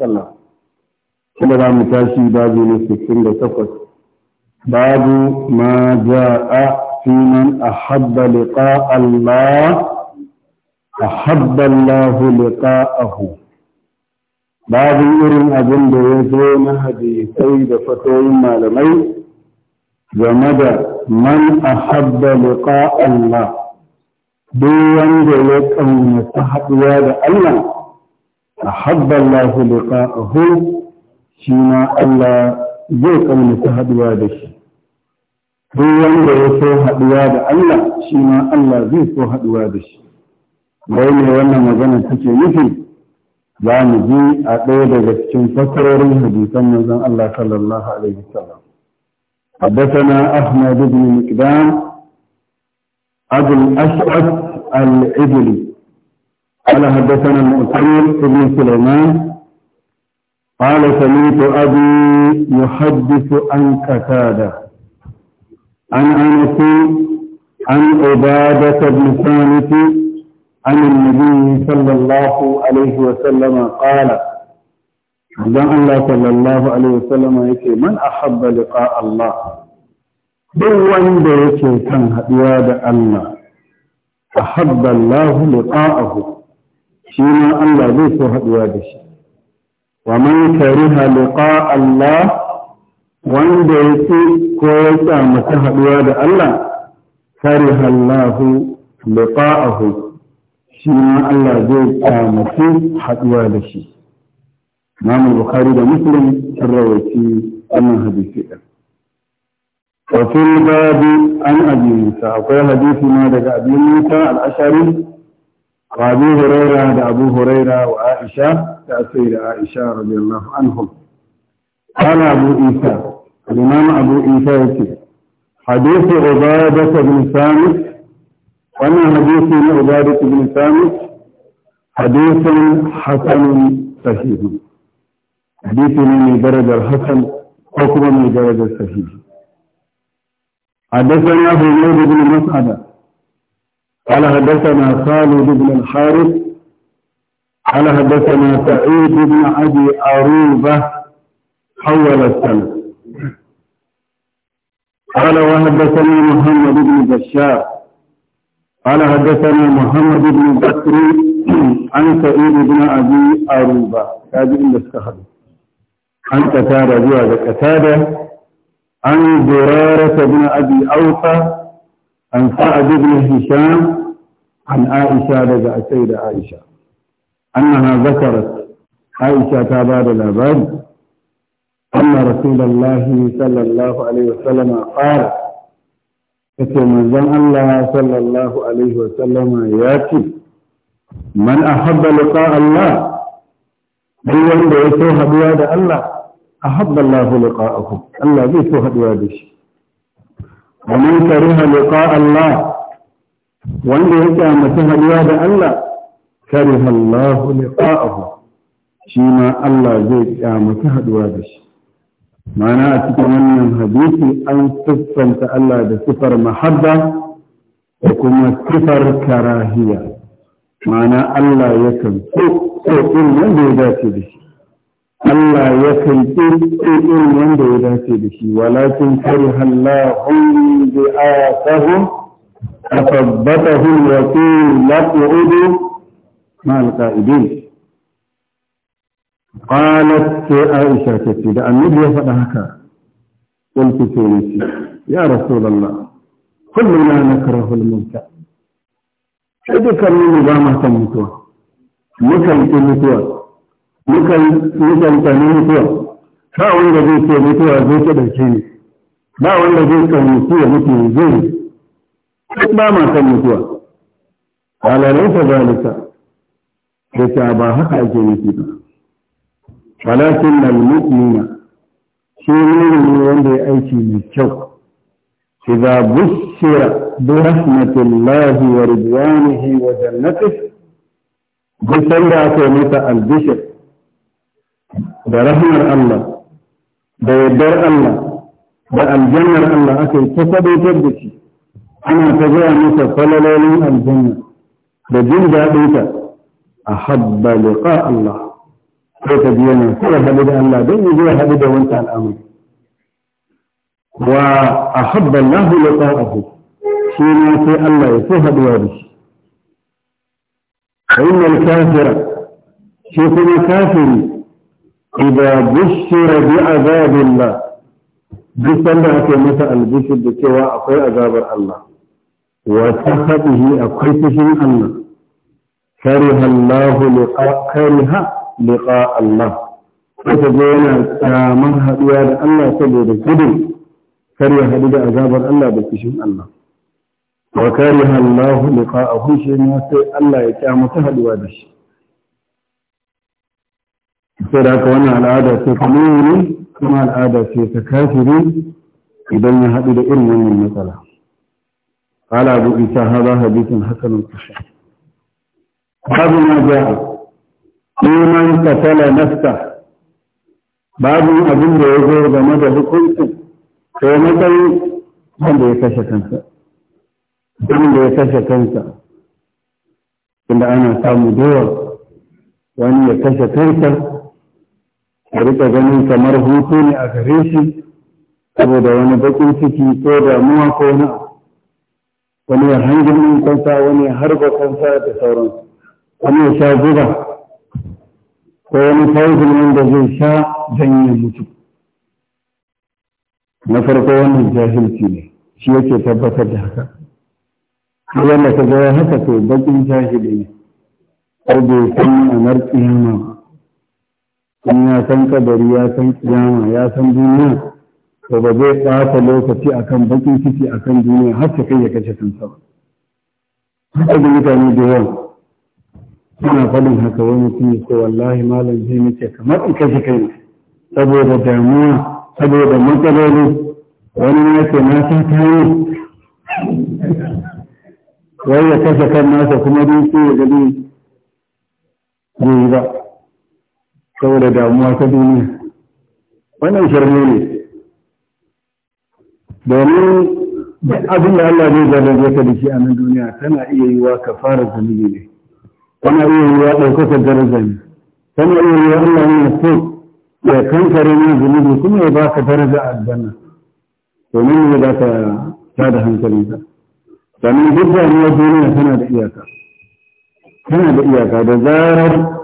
Allah. Kuma mu tashi babu na sittin da takwas. Babu ma ja'a fi a habba liƙa Allah, a habba Allah liƙa Babu irin abin da ya zo na hadisai da fatoyin malamai game da man a habba liƙa Allah. Duk wanda ya kamata haɗuwa da Allah, أحب الله لقاءه شيما الله يوقع من تهد وادش هو أن يسوه دواد الله شيما الله يسوه دوادش وإن يوانا مجانا تشي مثل يعني جي أقيد جسجن فكرري حديثا الله صلى الله عليه وسلم حدثنا أحمد بن مكدام أبو الأشعث العبلي قال حدثنا المؤتمر بن سليمان قال سمعت أبي يحدث عن كتادة عن أنس عن عبادة بن ثابت عن النبي صلى الله عليه وسلم قال dan Allah sallallahu alaihi wasallam yake man ahabba liqa Allah duk wanda yake kan haduwa da Allah ahabba Allah shi ma Allah zai so haɗuwa da shi wa man kariha liqa Allah wanda ya ce ko ya kyamata haɗuwa da Allah kariha Allah liqa'ahu shi ma Allah zai kyamata haɗuwa da shi Imam Bukhari da Muslim sun rawaci wannan hadisi ɗin. din وفي الباب عن أبي موسى أقول حديث ما دقى أبي موسى الأشعري وابي هريره هذا ابو هريره وعائشه تاتي سيده عائشه رضي الله عنهم قال ابو عيسى الامام ابو عيسى يقول حديث عباده بن سامت وانا حديث عباده بن سامت حديث حسن صحيح حديث من درجه الحسن حكم من درجه الصحيح حدثنا حميد بن مسعده قال حدثنا خالد بن الحارث قال حدثنا سعيد بن ابي عروبه حول السنه قال وحدثني محمد بن بشار قال حدثنا محمد بن بكر عن سعيد بن ابي عروبه تابعين للسخري عن كتابه زواج قتاده عن زراره بن ابي اوفى عن سعد بن هشام عن عائشة لدى السيدة عائشة أنها ذكرت عائشة تابعد العباد أن رسول الله صلى الله عليه وسلم قال فتمزم الله صلى الله عليه وسلم ياتي من أحب لقاء الله من يريد أن يتوهد الله أحب الله لقاءه الله بيتوهد وادش ومن كره لقاء الله wanda ya kyamata haɗuwa da Allah kariha Allah liqa'ahu shi ma Allah zai kyamata haɗuwa da shi mana a cikin wannan hadisi an siffanta Allah da sifar mahabba da kuma sifar karahiya mana Allah yakan so so din wanda ya dace da shi Allah ya kan ƙirƙirin wanda ya dace da shi walakin kari hallahun a ayatahum asabbatahum wa qul la tu'udu ma al-qa'idin qalat sai Aisha ta ce da annabi ya faɗa haka qultu sai ni ya rasulullah kulluna nakrahu al-mauta sai dukkan mu ba ma san mutuwa mukan ki mutuwa mukan mukan mutuwa ba wanda zai ce mutuwa zai ta ni ba wanda zai mutuwa mutu zai duk ba ma san mutuwa ta zalika da ta ba haka ake nufi ba walakin na shi ne wanda ya aiki mai kyau إذا بشر برحمة الله ورضوانه وجنته بشر mata متى البشر da rahmar Allah da yardar Allah da aljannar Allah aka yi ta sadautar da shi ana ta gaya masa falalolin aljanna da jin daɗinta a habba liqa Allah sai ta biya nan sai haɗu da Allah don yi zuwa haɗu da wancan al'amur. wa a habba Allah liqa'ahu shi ne sai Allah ya so haɗuwa da shi fa innal kafira shi kuma kafiri إذا بشر بعذاب الله بسنة في مثل البشر بكوا أقوي عذاب الله وسخطه أقوي سجن الله كره الله لقاء كره لقاء الله فتجينا كامل هدوان الله سبب الكبير كره هدوان عذاب الله بكشن الله وكره الله لقاءه شيء الله يكامل هدوان الشيء sai da haka wani al'ada ce ta muni kuma al'ada ce ta kafiri idan ya haɗu da irin wannan matsala ala abu isa ha ba hadisin hasanun kusha babu na ja iman katala nafsa babu abin da ya zo game da hukunci ko matsayi wanda ya kashe kansa wanda ya kashe kansa inda ana samu dowa wani ya kashe kansa a rika ganin kamar hutu ne a gare shi saboda wani bakin ciki ko damuwa ko wani wani ya hangin kansa wani ya harba kansa da sauran wani ya sha zuba ko wani fauzin da zai sha janye mutu na farko wannan jahilci ne shi yake tabbatar da haka wanda ka ga haka to bakin jahili ne ko bai san anar ma in ya san kadari ya san kiyama ya san duniya to ba zai ɓata lokaci akan bakin ciki akan duniya har ta kai ya kashe kansa ba haka da mutane da yawa suna faɗin haka wani mutum ya ce wallahi malam zai nake kamar in kashe kai saboda damuwa saboda matsaloli wani ya ce na san kayo wai ya kashe kan nasa kuma dai sai ya gani bai ba saboda damuwa ta duniya wannan shirme ne domin abin da Allah zai zarrabe ka da shi a nan duniya tana iya yi wa ka fara zunubi ne tana iya yi wa ɗaukaka daraja ne tana iya yi wa Allah ne so ya kankare ne zunubi kuma ya baka daraja a aljanna domin ne za ka hankali hankalinka domin duk damuwar duniya tana da iyaka tana da iyaka da zarar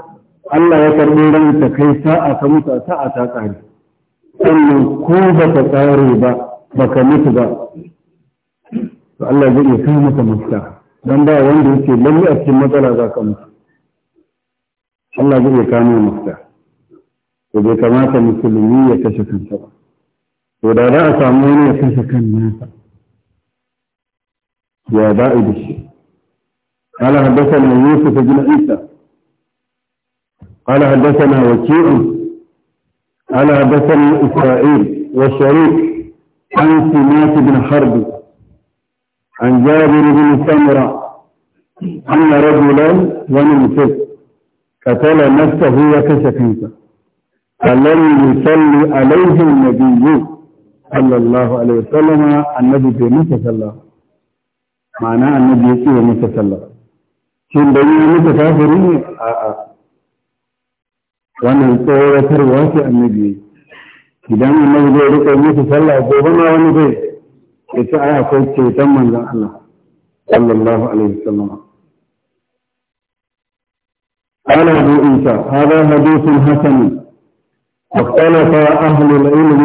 Allah ya karɓi ranta kai sa'a ka mutu a sa'a ta ƙare sannan ko ba ka ƙare ba ba ka mutu ba to Allah zai iya kai mata mafita don ba wanda yake lalle a cikin matsala za ka mutu Allah zai iya kamo mafita to bai kamata musulmi ya kashe kansa ba to da za a samu wani ya kashe kan nasa ya ba'i da shi قال حدثنا يوسف بن عيسى قال حدثنا وكيع قال حدثنا إسرائيل وشريك عن سمات بن حرب عن جابر بن سمرة أن رجلا ومن قتل نفسه وكشف الذي فلم يصلي عليه النبي صلى الله عليه وسلم النبي بمسا صلى الله معناه النبي في مسا صلى الله شين بني مسا كافرين آه، آه. wannan tsoratarwa ce annabi idan annabi zai rika musu sallah ko bana wani zai ya ce ai akwai ceton manzan Allah sallallahu alaihi wasallam قال أبو عيسى هذا حديث حسن واختلف أهل العلم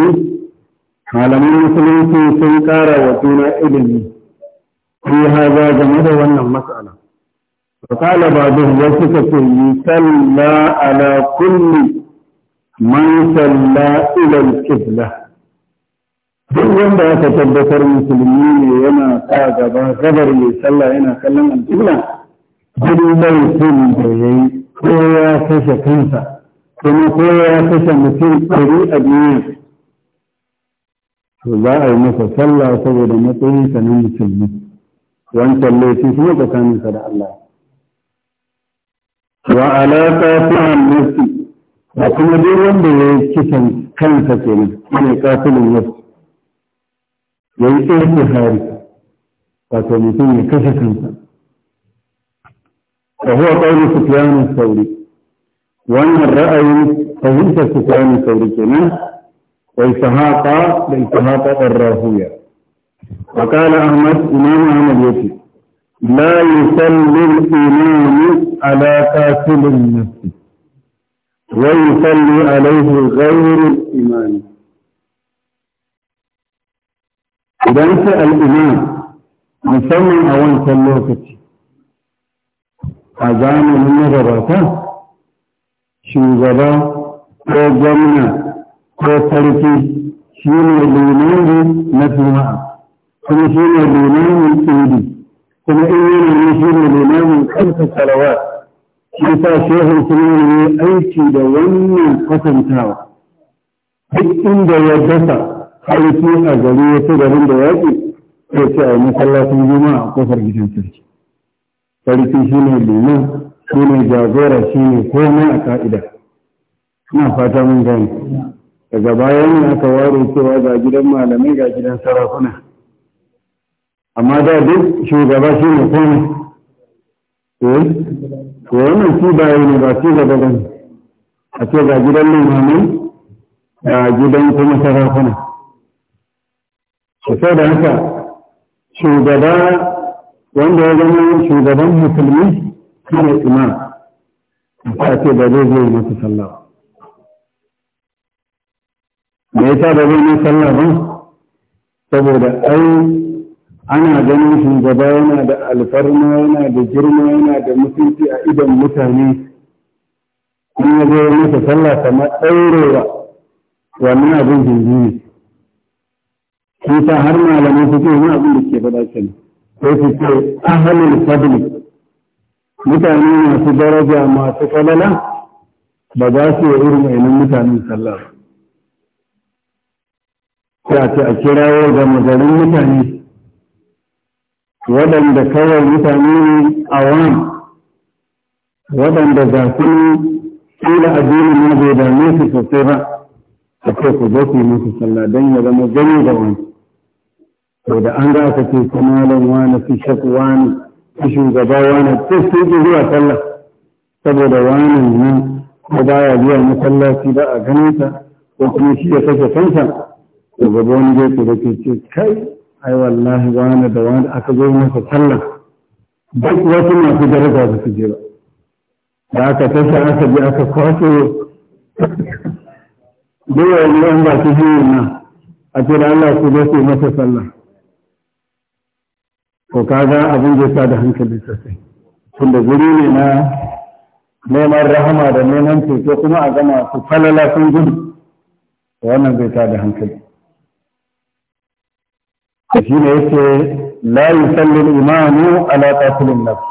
على من المسلمين سنكار وطول علم في هذا جمد wannan matsala? فقال بعضهم وسكت يصلى على كل man salla ilal kibla duk wanda aka tabbatar musulmi ne yana sa gaba gabar mai sallah yana kallon alƙibla duk sun da ya yi ko ya kashe kansa kuma ko ya kashe mutum ɗari a duniya to za a yi masa sallah saboda matsayinsa na musulmi wancan laifi kuma tsakaninsa da Allah wa alaƙa fi nafsi da kuma duk wanda ya kisan kansa ke nan shine katilin nafsi ya yi tsohon hari wato mutum ya kashe kansa fa huwa qawlu sufyan al sauri. wannan ra'ayin fahimtar sufyan al-thawri kenan wa ishaqa da ishaqa ar-rahuya wa qala ahmad imam ahmad yace لا يصلي الإمام على قاتل النفس ويصلي عليه غير الإمام إذا سأل الإمام musamman a wancan lokaci a zamanin magabata shugaba ko gwamna ko sarki shi ne na juma'a kuma shi ne limani tsiri kuma in yana shi ne limamin kansa salawa shi sa shehun suna ne aiki da wannan kwatantawa duk inda ya dasa aiki a gari ya ci garin da yaƙi ya ce a masallacin juma'a a kofar gidan sarki sarki shi ne liman shi ne jagora shi ne komai a ka'ida ina fata mun gani daga bayan aka ware cewa ga gidan malamai ga gidan sarakuna amma da duk shugaba shi ne kone ko eh? wannan ci baya ne ba shi gaba gani a ce ga gidan nan limamai ga gidan kuma sarakuna sai da haka shugaba wanda ya zama shugaban musulmi shi ne imam a ce ba zai zai mutu sallah me yasa ba zai mutu sallah ba saboda ai ana ganin shugaba yana da alfarma yana da girma yana da mutunci a idan mutane kuma ya zo masa sallah kamar ɗaurewa bin abin jinjiri shi ta har malamai su ce wani abin da ke faɗa ne sai su ce ahalul fadli mutane masu daraja masu kalala ba za su yi irin wa'inin mutanen sallah ba. Sai a ce a kirawo ga magarin mutane waɗanda kawai mutane a wani waɗanda ga su a addini ma bai dame su sosai ba a ce ku zo ku yi musu sallah don ya zama gani da wani to da an ga aka ce kamalan wani su shaku wani su shugaba wani ko su ƙi zuwa sallah saboda wani ne ko baya zuwa masallaci ba a ganin sa ko kuma shi ya kashe kansa to gaba wani zai ku da ke ce kai ai wallahi wani da wani aka zo masa sallah duk wasu masu daraja ba su je ba da aka tashi aka bi aka kwaso duk wani an ba su hiyar na a ce da Allah ku zo su masa sallah ko kaga abin da sa da hankali sosai tunda guri ne na neman rahama da neman ceto kuma a gama su falala sun gudu wannan zai sa da hankali shi ne yake la yusalli al-imanu ala qatlin nafs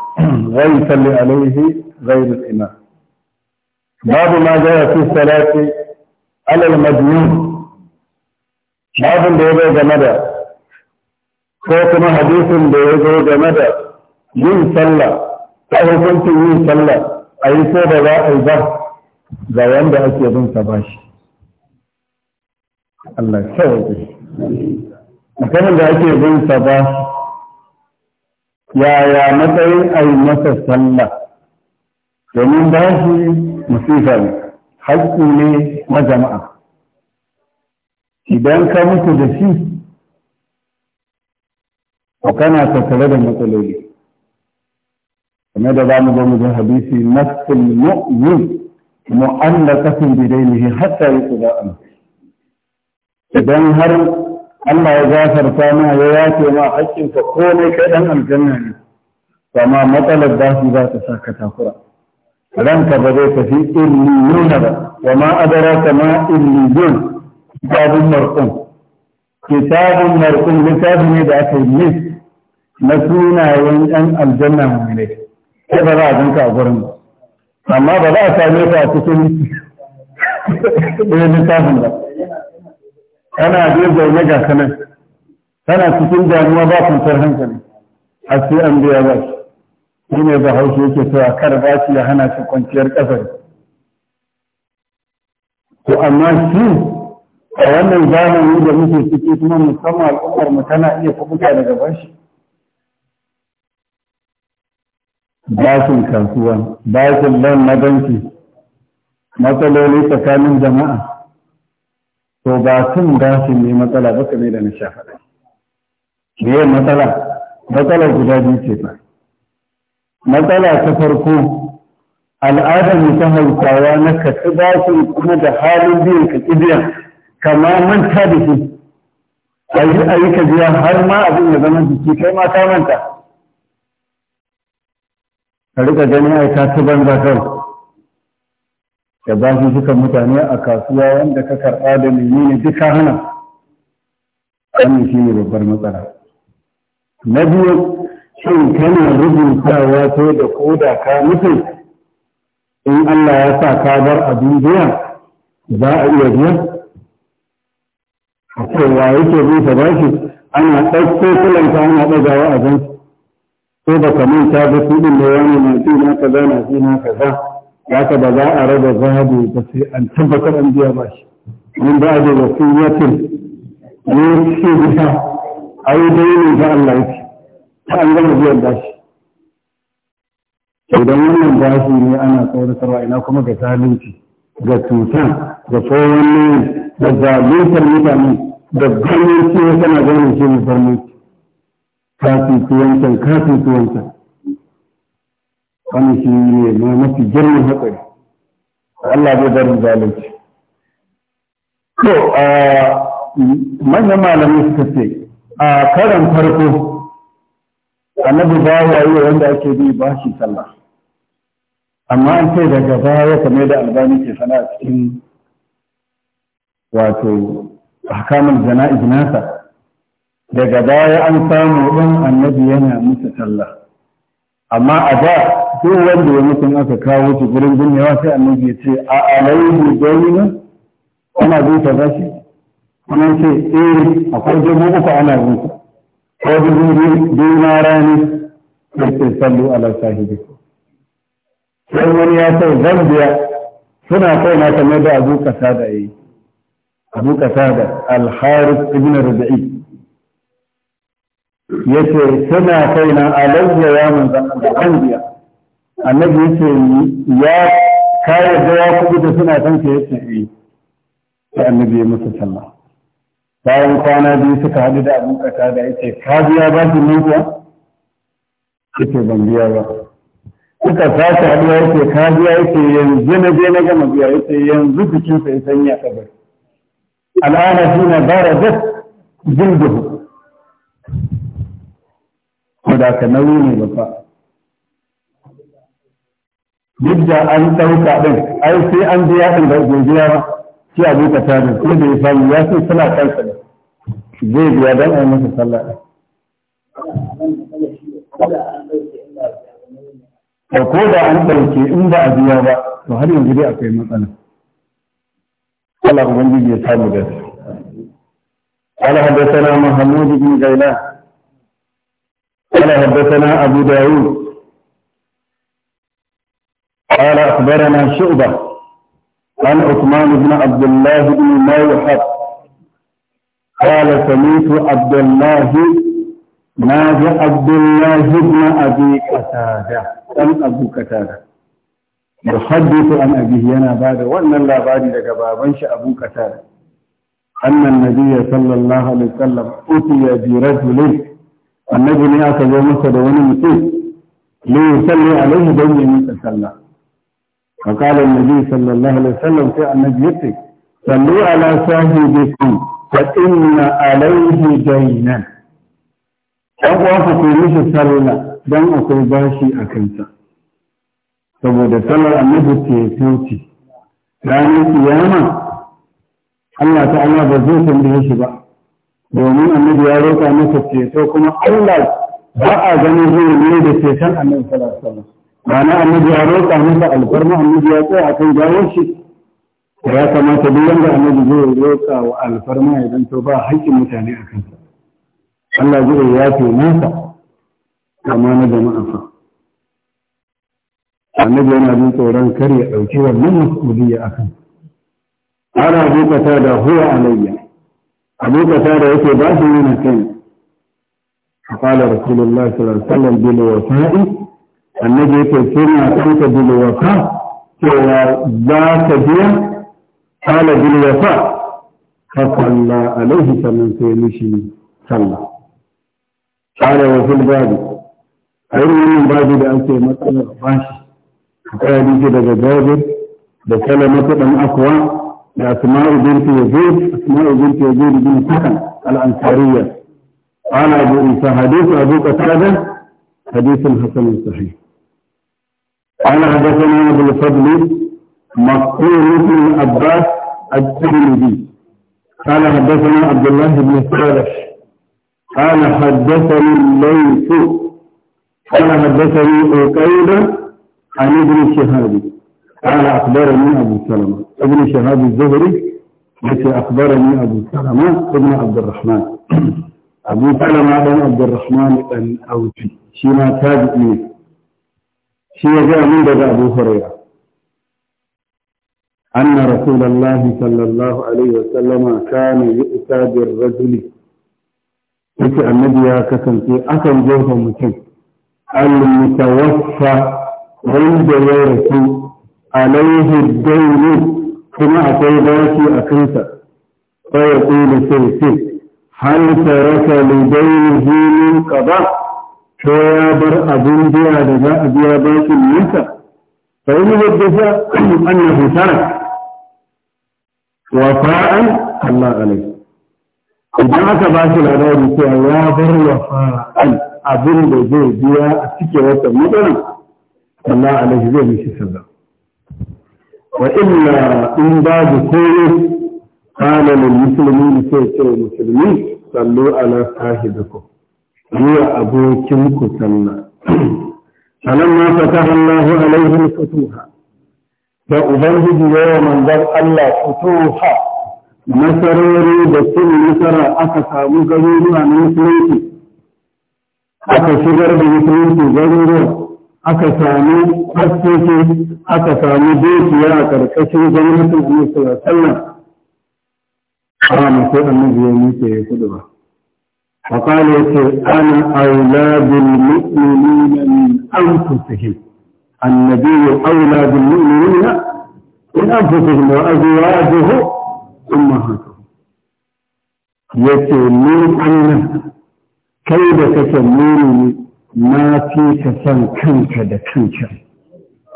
wa yusalli alayhi ghayr al-imam babu ma jaya fi salati ala al-majnun babun da yake game da ko kuma hadisin da yake game da yin sallah ta hukuncin yin sallah a yi ko da za a yi ba ga wanda ake bin sa bashi Allah ya sauke mutumin da ake bin sa ba yaya matsayin a yi masa sallah domin ba shi musifa ne haƙƙi ne na jama'a idan ka mutu da shi a kana tattare da matsaloli kamar da zamu ga zo hadisi nafsul mu'min mu'allaqatin bidainihi hatta yuqda idan har Allah ya gafarta ma ya yafe ma haƙƙinka komai kai dan aljanna ne amma matsalar bashi za ta sa ka takura ranka ba zai tafi illiyuna ba wa ma adaraka ma illiyun kitabun marqum kitabun marqum littafi ne da aka yi na sunayen ɗan aljanna mai sai ba za a ganka a gurin amma ba za a same ka a cikin ɗaya littafin ba kana dai zaune ga kanan kana cikin damuwa ba kwantar hankali a ce an biya ba shi shi ne bahaushe yake cewa kar ba shi ya hana shi kwanciyar ƙasar to amma shi a wannan zamani da muke ciki kuma musamman al'ummar mu tana iya kubuta daga bashi bashin kasuwa bashin lan na banki matsaloli tsakanin jama'a to ba sun gashin ne matsala ba kamar da na sha faɗa yin matsala matsala guda biyu ce ba matsala ta farko al'adar ta hausawa na ka ci bashin kuma da halin biyan ka kibiya kama manta da shi a yi a yi biya har ma abin ya zama jiki kai ma ka manta ka riƙa ganin aika ka ci banza kawai da bashi suka mutane a kasuwa wanda ka karɓa da ne duka hana wannan shi ne babbar matsala na biyu shin kana rubutawa ko da koda ka mutu in Allah ya sa ka bar a duniya za a iya biya a cewa yake ba shi? ana ɗauko kulanta ana ɗagawa a zan ko ba ka manta ba su ɗin da wani na ji na kaza na ji na kaza haka ba za a raba gado ba sai an tabbatar an biya ba shi min ba da wasiyatin ne shi bisa ai dai ne ga Allah yake ta an gama biyan shi. idan wannan bashi ne ana tsoratarwa ina kuma ga zalunci ga cuta ga tsohon da zaluntar mutane da ganin ciwo tana ganin shi ne farmi kafin tuwancan kafin tuwancan wani shi ne ne mafi girman hatsari Allah zai bari zalunci to a manyan malamai suka ce a karan farko annabi ba ya yi wanda ake bi ba shi sallah amma an ce daga baya kamar da albani ke sana a cikin wato hakamun jana'i nasa daga baya an samu ɗan annabi yana musu sallah amma a da duk wanda ya mutum aka kawo shi gurin binnewa sai annabi ya ce a alaihi jami'a ana bin ta bashi kuma ce eh akwai dubu uku ana bin ku ko dubu dina rani da ke sallu ala sahibi sai wani ya ce zan suna kai na kamar da abu kasada yi abu kasada alharis ibn rabi'i yace nan kaina alayya ya manzan Allah anbiya annabi yace ya kai da ya kudu da suna san ka yace eh sai annabi ya musu sallah bayan kwana biyu suka haɗu da abin Kata da yace ka biya ba ki ne kuwa yace ban biya ba suka sake haduwa yace ka biya yace yanzu na je na gama biya yace yanzu jikinsa ya sanya kabar al'ana shi na bara jilduhu da ka nauyi ne babba duk da an ɗauka ɗin ai sai an biya yaɗin da gobiya ba sai a buka tarin kuma da ya samu ya sai suna kansa ne zai biya don a yi masa sallah ɗin. Da ko da an ɗauke in ba a biya ba to har yanzu dai akwai matsala. Allah Ubangiji ya samu da su. قال na Muhammadu bin غيلان قال حدثنا أبو داود قال أخبرنا شعبة عن عثمان بن عبد الله بن ميحط قال سميت عبد الله ناجى عبد الله بن أبي قتادة عن أبو قتادة يحدث عن أبيه أنا بعد وأن الله بعد لك بابنش أبو قتادة أن النبي صلى الله عليه وسلم أتي برجل annabi ne aka zo masa da wani mutum ne ya salli alaihi don yi masa sallah fa qala annabi sallallahu alaihi wasallam sai annabi ya ce, sallu ala sahibikum wa inna alaihi daynan Ya uwan ku ku mishi sallah dan akwai bashi a kansa saboda sallar annabi ce sauti ranar kiyama Allah ta'ala ba zai tambaye shi ba domin annabi ya roƙa masa ceto kuma Allah ba a ganin zai ne da ceton annabi sallallahu alaihi wasallam ma'ana annabi ya roƙa masa alfarma annabi ya tsaya akan gawar shi ya kamata duk wanda annabi zai roƙa wa alfarma idan to ba haƙƙin mutane a kansa Allah zai fi nasa kama na jama'a fa annabi yana jin tsoron kar ya ɗauki wannan mas'uliyya akan ana bukata da huwa alayya a lokacin da yake ba su yi mutum a kwallo da su lullu su lansallan bilo wa fa’i annabi yake suna na kanka bilo wa fa ba ka biya kwallo bilo wa ka kalla alaihi sannan sai mishi salla kwallo wa fil babu a yi wannan babu da ake matsalar bashi a kwallo daga babu da kwallo matsalar akwai لأسماء بنت يزيد أسماء بنت يزيد بن سكن الأنصارية قال أبو عيسى حديث أبو قتادة حديث حسن صحيح قال حدثنا أبو الفضل مقصور بن عباس الترمذي قال حدثنا عبد الله بن صالح قال حدثني الليث قال حدثني عقيلة عن ابن شهاب قال أخبرني أبو سلمة ابن شهاب الزهري التي أخبرني أبو سلمة ابن عبد الرحمن أبو سلمة بن عبد الرحمن الأوتي شيما تابعي شي جاء من بدأ أبو هريرة أن رسول الله صلى الله عليه وسلم كان يؤتى بالرجل yake النبي ya kasance جوفه jefa المتوفى عند mutawaffa alaihi dainu kuma akwai baki a kansa fa ya kulu sai sai hal taraka li dainihi min qada to ya bar abin biya da za a biya bashin nasa fa in yadda annahu tarak wafa'an Allah alaihi idan aka ba shi labari cewa ya bar wafa'an abin da zai biya a cikin wata matsalan Allah alaihi zai mishi sallah wa illa in babu koyo kana lil muslimin sai ce musulmi sallu ala sahibikum yi wa abokin ku sallah فلما فتح الله عليه الفتوح فأبنه يوما ذر الله فتوحا مسروري بسن مسرى أكسا مقرورا من سنوتي أكسر بمسنوتي ضرورا aka sami haskoki aka sami dukiya a ƙarƙashin gwamnatin Amurka da alaihi wasallam sai annabi ya ya kudu ba فقال أنا أولى بالمؤمنين a zuwa an أولى بالمؤمنين من mun kai da na fi ka san kanka da kanka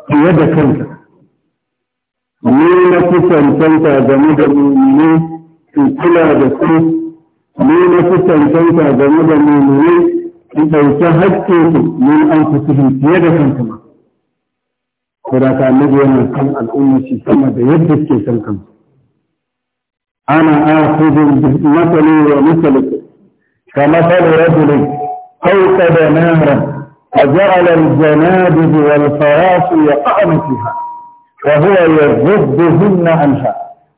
fiye da kanka ni na fi cancanta game da mummuni in kula da su ni na fi cancanta game da mummuni in ɗauki haƙƙin su ni an fi su fiye da kanka ma ko da ka annabi yana kan al'umma shi sama da yadda ke san kanka ana akhudhu bi mathali wa mathalik kama qala rajulun أوقد نارا فجعل الجنادب والفراش يقعن فيها وهو يردهن عنها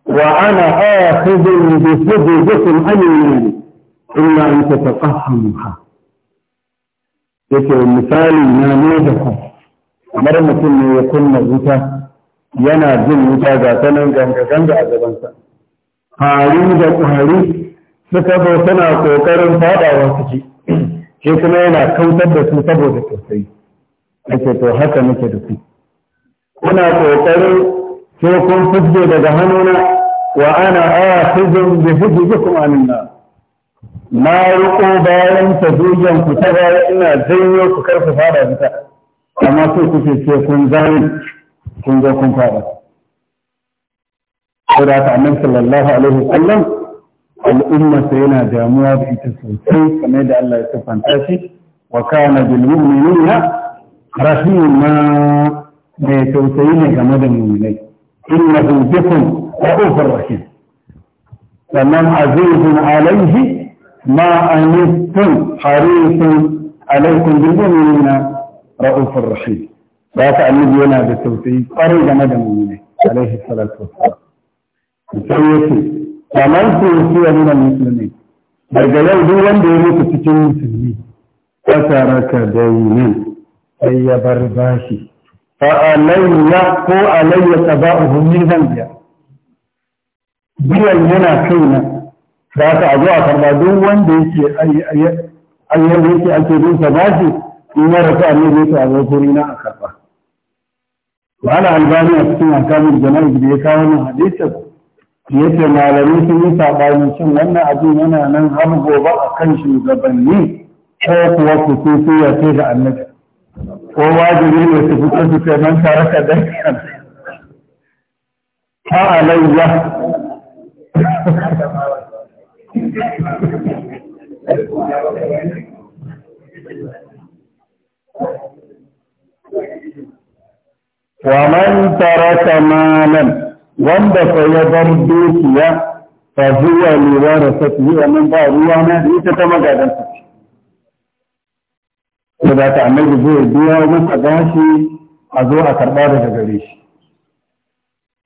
وأنا آخذ بفضلكم عن النار إلا أن تتقهمها yake misali na ne da ku kamar mutum ne ya kunna wuta yana jin wuta ga ta nan ganga-ganga a gabansa hari da ƙwari suka zo tana ƙoƙarin faɗawa ciki ke kuma yana kautar da su saboda tausayi ake to haka nake da su kuna ƙoƙarin sai kun fidge daga hannuna wa ana akhizun bi hujjikum anna ma ruku bayan ta dujan ku ta ga ina janyo ku karfa fara fita amma ku kuke ce kun zai kun ga kun fara ko da ta annabi sallallahu alaihi wasallam al'umma sai yana damuwa da ita sosai kamar da Allah ya sifanta shi wa kana bil mu'minina rahima mai tausayi ne game da mu'minai innahu bikum ra'ufur rahim sannan azizun alaihi ma anittum harisun alaikum bil mu'minina ra'ufur rahim ba ta annabi yana da tausayi kwarai game da mu'minai alaihi salatu wassalam sai yake kamar su yasiya nuna musulmi daga yau duk wanda ya mutu cikin musulmi ya taraka dainin sai ya bar bashi fa alayya ko alayya taba'uhu zan zambiya biyan yana kai na. Za ka a zuwa karba duk wanda yake ayyar yake ake bin sa bashi in ya rasu a ne zai a zokuri na a karba ba ana albani a cikin akamun jama'a da ya kawo nan hadisin yace malamai sun yi saɓani cin wannan abin yana nan har gobe a kan shugabanni ko kuwa ya ce da annabi ko wajibi ne su fito su ce nan tare ka da ta alayya ومن ترك مالا wanda fa ya bar dukiya fa huwa liwarasatihi wannan ba ruwa na da ita ta magadansa ko da ta annabi zai biya masa gashi a zo a karɓa daga gare shi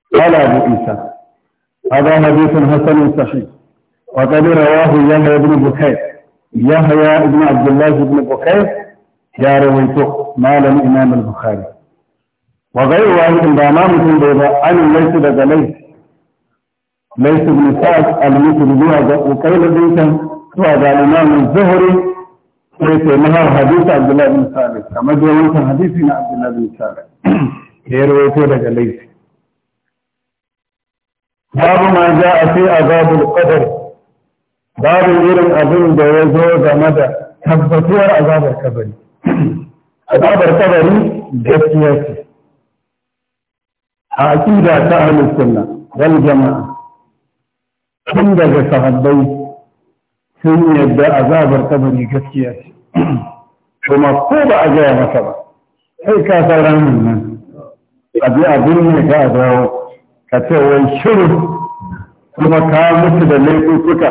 Kala قال أبو عيسى هذا حديث حسن صحيح وقد رواه يحيى بن بكير يحيى بن ibn الله ibn بكير ya rawaito malam imam al-bukhari. wa ghayru wahidin ba ma mutum da ba an laysu daga lais laysu bin sa'ad al-mutri zuwa ga ukaila bin kan zuwa ga imam zuhri sai sai mahar hadisi abdullahi bin salih kamar da wancan hadisi na abdullahi bin salih ya rawaito daga lais babu ma ja'a fi azabul qadar babu irin abin da ya zo game da tabbatuwar azabar kabari. Azabar kabari a aqida ta ahlus wal jama'a tun daga sahabbai sun yadda azabar kabari gaskiya ce kuma ko ba a gaya masa ba sai ka san ramin nan abi abin ne ka dawo ka ce wai shiru kuma ka mutu da laifuka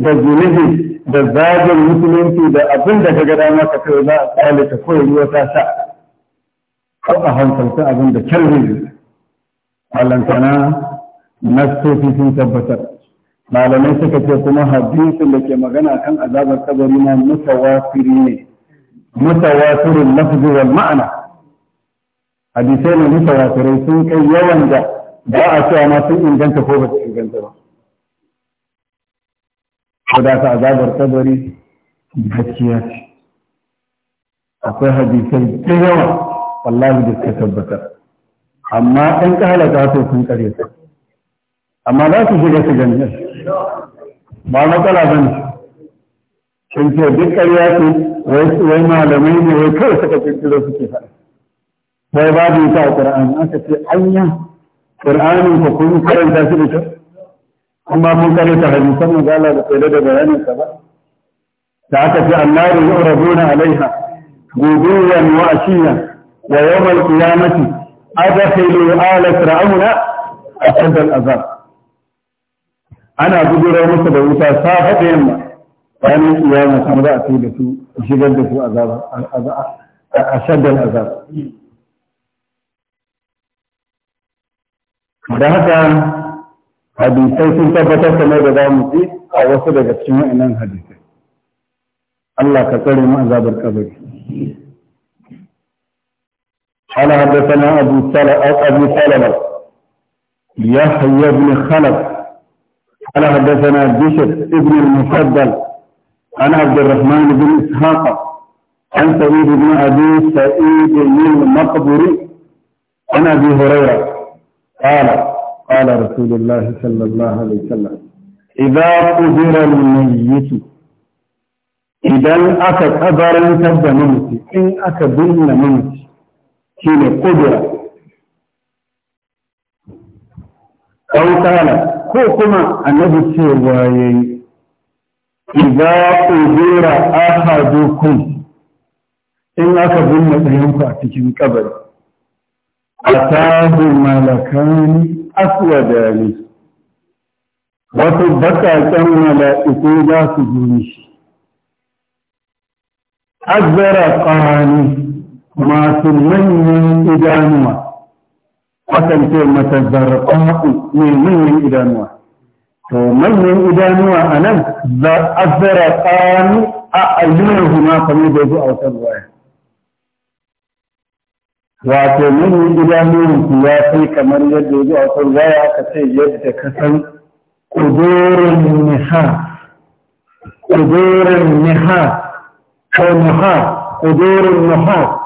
da zunubi da zagin musulunci da abin da ka gada maka kai za a tsale ta koyi ruwa ta sha ko a hankalta abin da kyalmi na sofi sun tabbatar malamai suka ce kuma hadisin da ke magana kan azabar kabari na mutawafiri ne mutawafirin lafzi wal ma'ana hadisai ne mutawafirai sun kai yawan da ba a cewa ma sun inganta ko ba su inganta ba da azabar kabari gaskiya ce akwai hadisai da yawa wallahi da suka tabbatar amma ɗan ƙalaka so sun kare su amma za su shiga su gangan ba matsala ba ne Shin ce duk ƙarya ce wai malamai ne wai kawai suka kirkiro suke faɗa wai ba babu ta a ƙur'ani aka ce anya ƙur'anin ku kun karanta shi da kyau amma kun karanta hadisan mu zala da tsere da bayanin sa ba da aka ce annabi yu'raduna alaiha guduwan wa ashiya wa yawmal qiyamati adakhilu ala fir'auna ashad azab, ana gudurar musu da wuta safa da yamma bayan iyama kan a kai da su shigar da su azab ashad azab. da haka hadisai sun tabbatar kamar da za mu ci a wasu daga cikin wa'annan hadisai Allah ka tsare mu azabar kabari قال حدثنا أبو سلمة أبو سلمة يحيى بن خلف قال حدثنا بشر ابن المفضل عن عبد الرحمن بن إسحاق عن سعيد بن أبي سعيد المقبري عن أبي هريرة قال قال رسول الله صلى الله عليه وسلم إذا قدر الميت إذا أتى قدرا تبدأ منك إن أتى بين منك shi ne kudura ƙautala ko kuma annabi cewa ya yi idza qudira ahadukum in aka binne ɗayanku a cikin kabari atahu malakani aswadani wasu bakaken mala'iku za su zo shi. azzara qani masu manyan idanuwa akan ce mata zarqa'u ne manyan idanuwa to manyan idanuwa a nan za a zara tsani a ayyunan huma kamar da zuwa wata waya. wato manyan idanuwan su ya kai kamar yadda ya zuwa wata ruwaya aka ce yadda ka san kudurin niha kudurin niha ko niha kudurin niha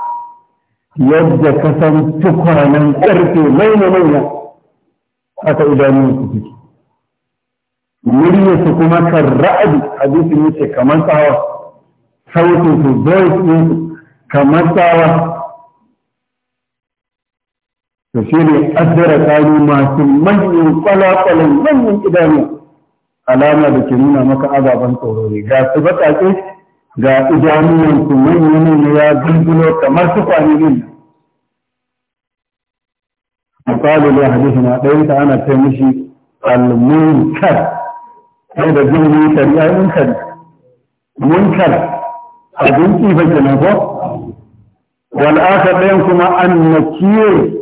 yadda ka san tukwanen ƙarfe maina maina aka idanun su suke muryarsu kuma kan ra'adi hadisin yake kamar tsawa sautin su voice din kamar tsawa to shi ne asirar tsari masu manyan kwalakwalan manyan idanu alama da ke nuna maka ababen tsoro ne ga su baƙaƙe ga idanuwanku manya ne ya gungulo kamar su kwanin misali da hadisi na ɗayan ta ana ce mishi al-munkar sai da jin munkar ya munkar munkar abinci ba ke nan ko wal akhar ɗayan kuma an nakir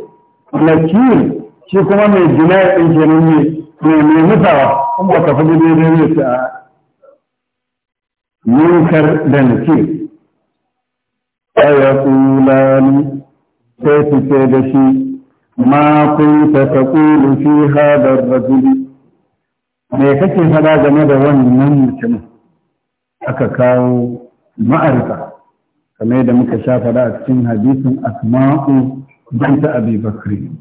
nakir shi kuma mai jina'i ke nan ne mai nufawa kuma ka fi daidai ne ta munkar da nake a ya kulani sai su ce da shi ma kun ta ta kulu fi hadar rajuli me kake fada game da wannan mutumin aka kawo ma'arifa kamar da muka sha fada a cikin hadisin asma'u banta abi bakri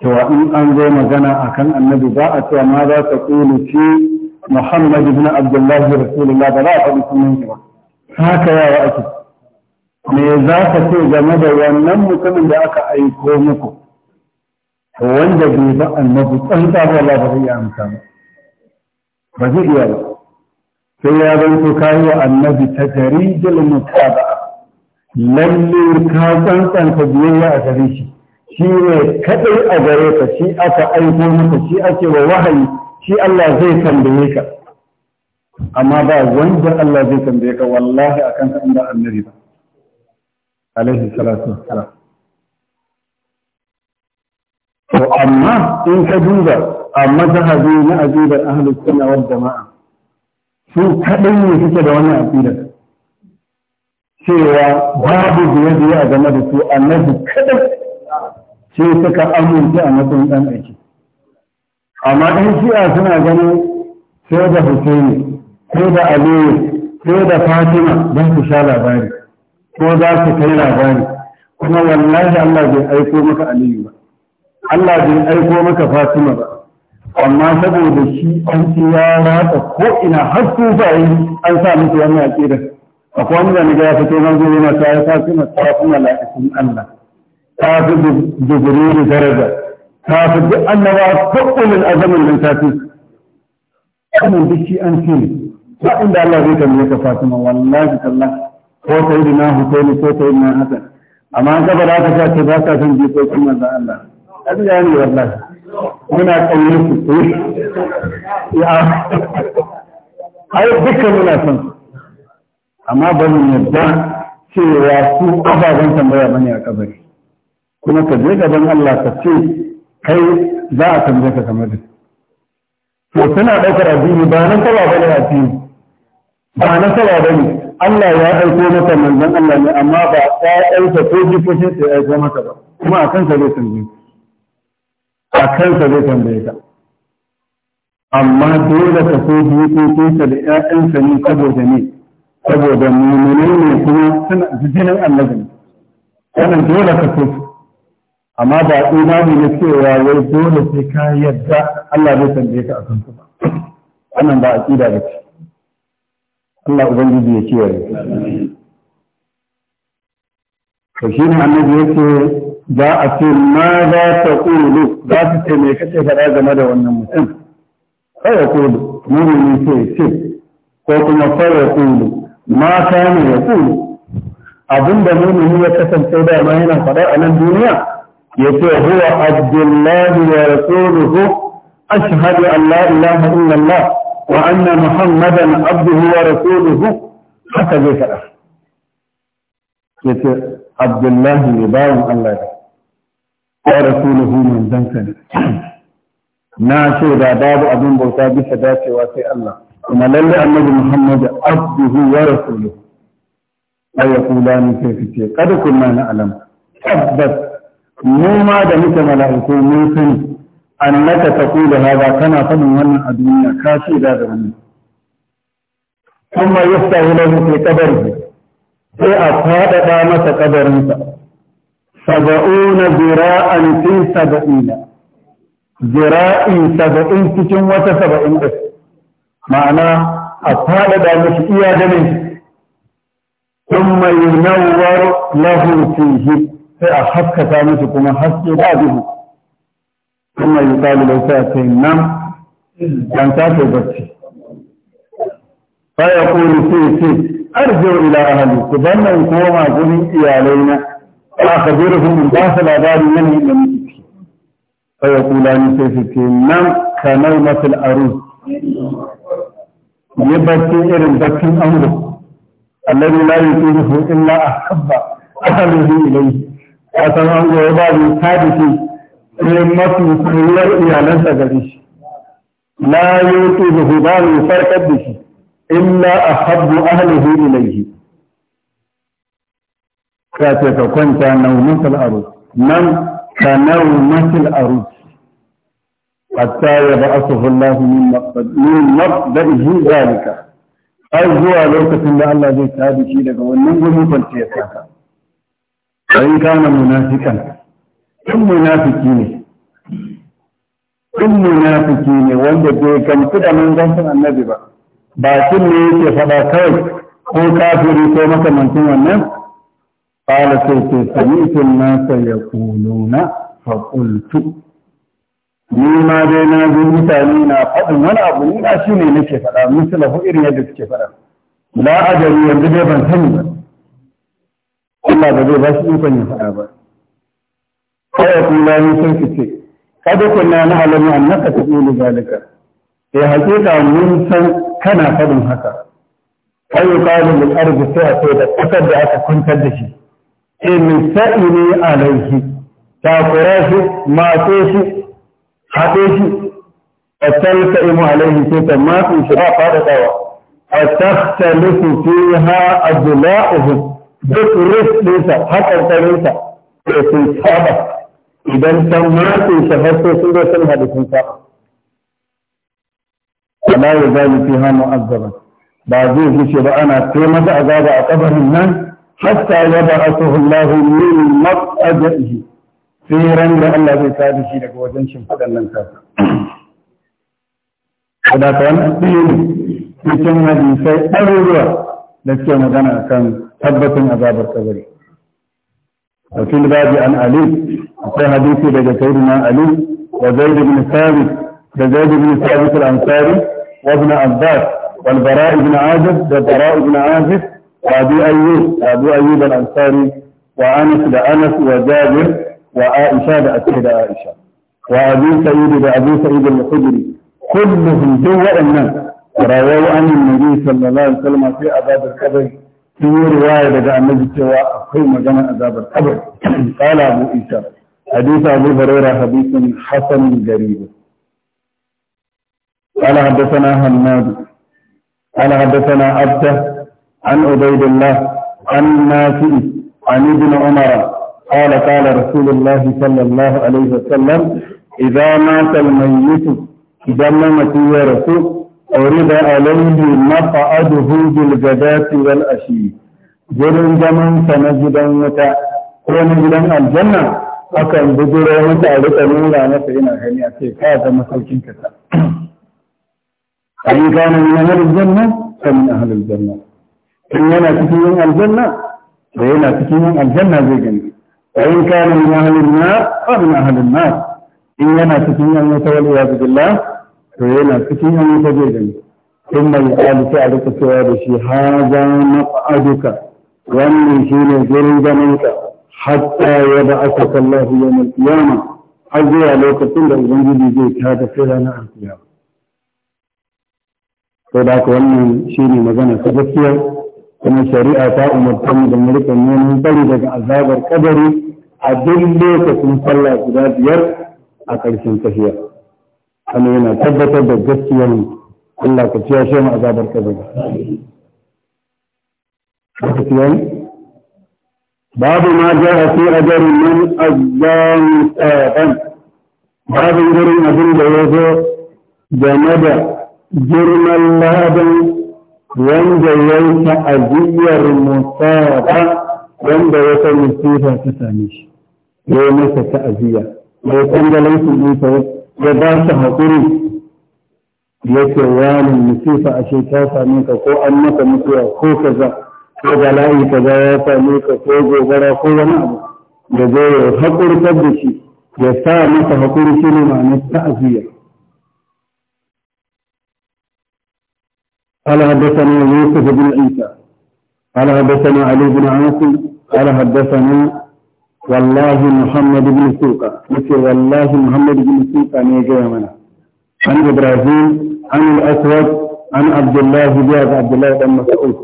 cewa in an zo magana akan annabi ba a cewa ma za ta kulu fi محمد بن عبد الله رسول الله ba za a faɗi sunan shi ba haka yawa ake me za ka ce game da wannan mutumin da aka aiko muku wanda bai ba annabi tsantsa ba Allah ba zai iya amsa ba ba zai iya ba sai ya zanto kayi wa annabi ta jaridul mutaba'a lalle ka tsantsanta biyayya a gare shi shi ne kadai a gare ka shi aka aiko muku shi ake wa wahayi shi Allah zai tambaye ka amma ba wanda Allah zai tambaye ka wallahi a kan da annabi ba alaihi salatu wassalam to amma in ka duba a mazhabi na aqidan ahlus sunna wal jamaa su kadai ne suke da wannan aqida cewa babu biye biye a game da su annabi kadai sai suka amince a matsayin dan aiki amma ɗan shi'a suna ganin sai da Hussaini, ko da Aliyu sai da Fatima don su sha labari ko za su kai labari kuma wallahi Allah bai aiko maka Aliyu ba Allah bai aiko maka Fatima ba amma saboda shi an ci ya rata ko ina har su yi an sa musu wannan aƙidar akwai wanda na ya fito na zuwa yana ya Fatima ta kuma mala'ikun Allah ta fi jibrilu daraja kafin duk annaba kullun azamin da tafi kuma duk shi an ce ba inda Allah zai tambaye ka Fatima wallahi kallah ko sayyidina Husaini ko na Hassan amma an gaba da ka ce ba ka san jikokin manzon Allah an ya ni wallahi muna ku su eh. ya ai dukkan muna san amma ba mu yadda cewa su ababen tambaya bane a kabari kuma ka je gaban Allah ka ce kai za a tambaye ka game da to suna ɗaukar addini ba nan saba ba ne addini ba nan saba ba ne Allah ya aiko masa manzon Allah ne amma ba ɗayansa ko jikokin sai aiko masa ba kuma a kansa zai tambaye a kansa zai tambaye ka amma dole ka so sa da ƴaƴansa ne saboda ne saboda mummunai ne kuma suna jinin Allah ne wannan dole ka so su amma ba imani ne cewa wai dole sai ka yadda Allah zai tambaye ka akan ba wannan ba aqida ba ce Allah ubangiji ya ce to shi ne annabi ce za a ce ma za ta kulu za ta ce me kace faɗa game da wannan mutum kai ya kulu mumini ce ce ko kuma kai ya kulu ma ne ya kulu abinda mumini ya kasance da ma yana faɗa a nan duniya يسوع هو عبد الله ورسوله أشهد أن لا إله إلا الله وأن محمدا عبده ورسوله حتى ذلك الأخر يسوع عبد الله يباوم الله ورسوله من ذنك ناشي ذا باب أبن بوتا بسداك واسي الله وما لن أنه محمد عبده ورسوله ويقولان كيف تي قد كنا نعلم ثبت mu ma da muke mala'iku mun sani annaka taqulu hada kana fadin wannan a duniya ka ce da da wannan kuma yaftahu lahu fi qabri sai a fadada masa kabarinsa sab'una zira'an fi sab'ina zira'in sab'in cikin wata sab'in da. ma'ana a da masa iya ganin kuma yunawwar lahu fihi sai a haskaka musu kuma haske da duhu kuma yi kalu da sai a ce nan kan sace bacci faya kuli sai ce arzo ila ahali ku bannan koma gurin iyalai na a kabiruhum ba su labarin yanayin da muke ciki faya kula ni sai su ce nan ka nau masul arus ne bacci irin baccin amuru الذي yi يطيقه إلا أحب أهله إليه a san an goyi babu sadiki ne mafi tsohuwar iyalansa gare shi la yutu da hubaru farkar da shi illa a habbu ahlihi ilaihi ka ce ka kwanta naumatul arus nan ka naumatul arus حتى يبعثه الله من مقصد من مقصده ذلك أي زوا لوكة الله ذي تابشي لك والنجم فالتيساك in kana munafikan in munafiki ne in munafiki ne wanda bai gamsu da manzancin annabi ba ba shi ne yake faɗa kawai ko kafiri ko makamantin wannan qala sai ce sami'tu an-nasa yaquluna fa qultu ni ma dai na zo mutane na faɗin wani abu ni na shi ne nake faɗa musu lahu irin yadda suke faɗa la ajali yanzu dai ban sani ba Allah ba zai ba shi ikon ya faɗa ba kawai kuma bayan sun ki ce kada ku na alamu annaka taqulu zalika eh haƙiƙa mun san kana faɗin haka kai yuqalu bil ardi sai sai da ƙasar da aka kuntar da shi eh min sa'ini alaihi takura shi mato shi haɗe shi فالتئم عليه كيف ما في شراء فارقة وتختلف فيها أجلاؤهم duk ris ɗinsa haƙarƙarinsa da sun saba idan san matsin shahararsu sun zo sun haɗu sun saba. Ala ya zali fi hama azzaban ba zai gushe ba ana kai masa azaba a kabarin nan hatta ya ba a suhullahu min maƙajaji sai ran da Allah zai tabi shi daga wajen shimfiɗan nan kasa. Kada ka wannan tsiyo cikin hadisai ɗaruruwa da suke magana kan tabbatin azabar kabari wakil cikin babi an ali akwai hadisi daga sayyidina ali wa zaid ibn thabit da zaid ibn thabit al-ansari wa ibn abbas wal bara ibn azib da bara ibn azib wa abi ayyub wa abi ayyub al-ansari wa anas da anas wa jabir wa aisha da asira aisha wa abi sa'id da abi sa'id al-khudri kulluhum duk waɗannan rawahu an an-nabi sallallahu alaihi wasallam fi azab al-qabr sun yi riwaya daga annabi cewa akwai magana azabar kabari qala abu isa hadith abu hurairah hadithun قال حدثنا حماد قال حدثنا عبده عن عبيد الله عن عن ابن عمر قال قال رسول الله صلى الله عليه وسلم إذا مات الميت إذا لم يا رسول عرض عليه مقعده بالغداة والعشي جرن زمن سنجدا متى ونجدا الجنة akan bujiro mata a rika nuna masa yana gani a ce ka zama saukin kasa an gane min ahlul janna fa min ahlul janna in yana cikin yin aljanna da yana cikin yin aljanna zai gani wa in kana min ahlul nar fa min ahlul nar in yana cikin yin wata wal iyad billah to yana cikin yan wuta zai gani sun mai ƙalu a rika cewa da shi ha za maƙa'aduka wannan shi ne gurin zamanka hatta ya da aka kallahu mai kiyama har zuwa lokacin da ubangiji zai ta da sai ranar sai da ka wannan shi ne magana ta gaskiya kuma shari'a ta umarta mu da mu neman bari daga azabar kadari a duk lokacin sallah guda biyar a ƙarshen tafiya. kuma yana tabbatar da gaskiyar Allah ka ciya shi mu azabar kabari gaskiyar باب ما جاء في أجر من أجزى مستاقا باب جرم أجل جوزه جمد جرم اللاد وانجيوك أجير مستاقا وانجيوك مستيفا تساميش يومك تأذية ويكون ليس ليس ya ba su haƙuri ya ce wani musifa a shi ta same ka ko an maka mutuwa ko kaza ko bala'i kaza ya same ka ko gobara ko wani abu da zai ya haƙurtar da shi ya sa masa haƙuri shi ne ma'anar ta'aziyya قال حدثنا يوسف بن عيسى قال حدثنا علي بن عاصم قال حدثنا wallahi Muhammad bin Suka yace wallahi Muhammad bin Suka ne gaya mana an Ibrahim an al-Aswad an Abdullah bin Abdullah dan Mas'ud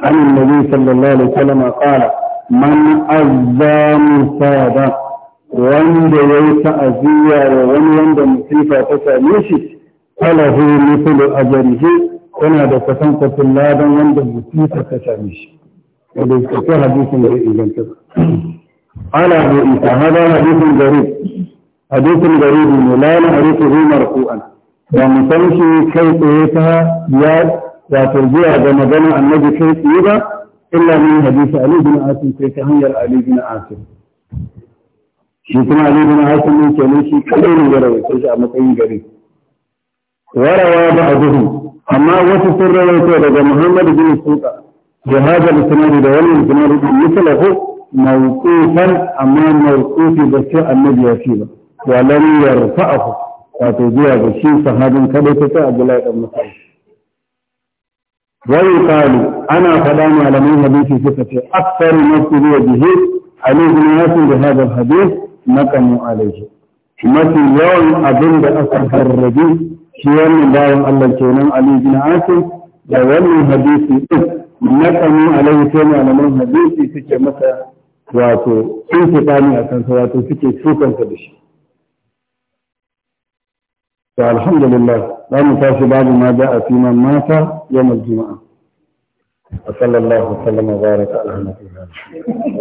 an Nabi sallallahu alaihi wasallam qala man azza musada wanda ya yi ta'aziyya wa wani wanda musifa ta same shi falahu mithlu ajrihi yana da kasan ladan wanda musifa ta same shi وده حديث إذا قال أبو إيسى هذا حديث غريب حديث غريب لا نعرفه مرفوعا ومسمشي كيف يتها بياد وترجيع بمدن النبي كيف يبا إلا من حديث علي بن عاصم كيف هي علي بن عاصم شيخنا علي بن عاصم من كليشي كلين جروي تجع مطين غريب وروى بعضهم أما وتسر رويته محمد بن سوطة بهذا الاسناد ده ولا الاسناد ده مثله موقوفا اما موقوف بشيء النبي يسيبه ولم يرفعه فتوجيه بشيء صحابي كبتك عبد الله بن مسعود ويقال انا فلان على من حديث ستة اكثر ما ابتلي به عليه بن ياسر بهذا الحديث نقموا عليه mafi yawan abin da aka harrabi shi wannan bayan Allah kenan Ali bin Asim da wannan hadisi din nakami alaihi sai malaman hadisi suke masa wato sun fi tsani a kansa wato suke sukansa da shi to alhamdulillah za mu tashi babu ma ja a fiman mata yau juma'a wa sallallahu wa wa baraka ala